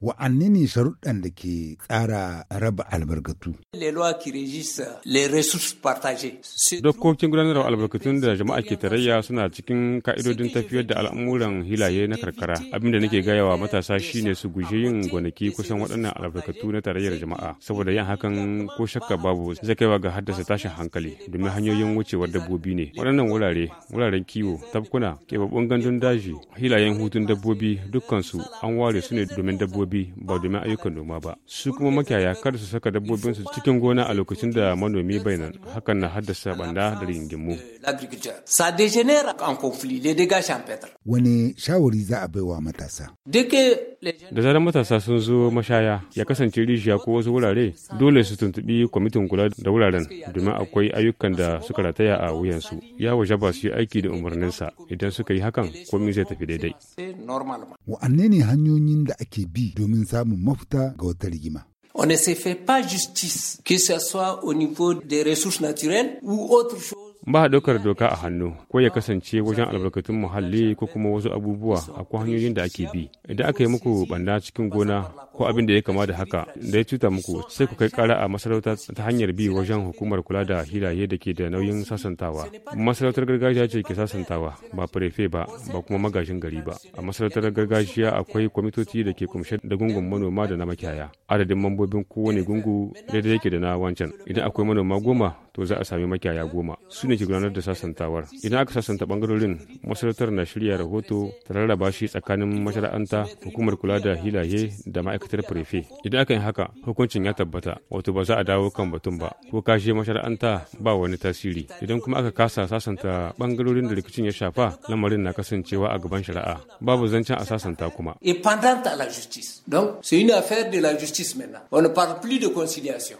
wa'anni ne sharuɗan da ke tsara raba albarkatu? Dokokin gudanar albarkatun da jama'a ke tarayya suna cikin ka'idodin tafiyar da al'amuran hilaye na karkara. Abin da nake gayawa matasa shine su guje yin gonaki kusan waɗannan albarkatu na tarayyar jama'a. Saboda yin hakan ko shakka babu zai kaiwa ga haddasa tashin hankali domin hanyoyin wucewar dabbobi ne. Waɗannan wurare, wuraren kiwo, tafkuna, keɓaɓɓun gandun daji, hilayen hutun dabbobi dukkansu an ware su ne domin dabbobi. dabbobi ba domin ayyukan noma ba su kuma makiyaya kar su saka dabbobinsu cikin gona a lokacin da manomi bai nan hakan na haddasa banda da rigingimu wani shawari za a baiwa matasa da zarar matasa sun zo mashaya ya kasance rijiya ko wasu wurare dole su tuntubi kwamitin kula da wuraren domin akwai ayyukan da suka rataya a wuyansu ya waje su yi aiki da umarninsa idan suka yi hakan komai zai tafi daidai wa'anne ne hanyoyin da ake bi On ne se fait pas justice, que ce soit au niveau des ressources naturelles ou autre chose. ba a ɗaukar doka a hannu ko ya kasance wajen albarkatun muhalli ko kuma wasu abubuwa ko hanyoyin da ake bi idan aka yi muku banda cikin gona ko abin da ya kama da haka da ya cuta muku sai ku kai kara a masarauta ta hanyar bi wajen hukumar kula da hiraye da ke da nauyin sasantawa masarautar gargajiya ce ke sasantawa ba firefe ba ba kuma magajin gari ba a masarautar gargajiya akwai kwamitoci da ke kumshe da gungun manoma da na makiyaya adadin mambobin kowane gungu daidai yake da na wancan idan akwai manoma goma to za a sami makiyaya goma su ne ke gudanar da sasantawar idan aka sasanta bangarorin masarautar na shirya rahoto ta rarraba shi tsakanin mashara'anta hukumar kula da hilaye da ma'aikatar prefe idan aka yi haka hukuncin ya tabbata wato ba za a dawo kan batun ba ko kashe mashara'anta ba wani tasiri idan kuma aka kasa sasanta bangarorin da rikicin ya shafa lamarin na kasancewa a gaban shari'a babu zancen a sasanta kuma. Et pendant à la justice. Donc, c'est une affaire de la justice maintenant. On ne parle plus de conciliation.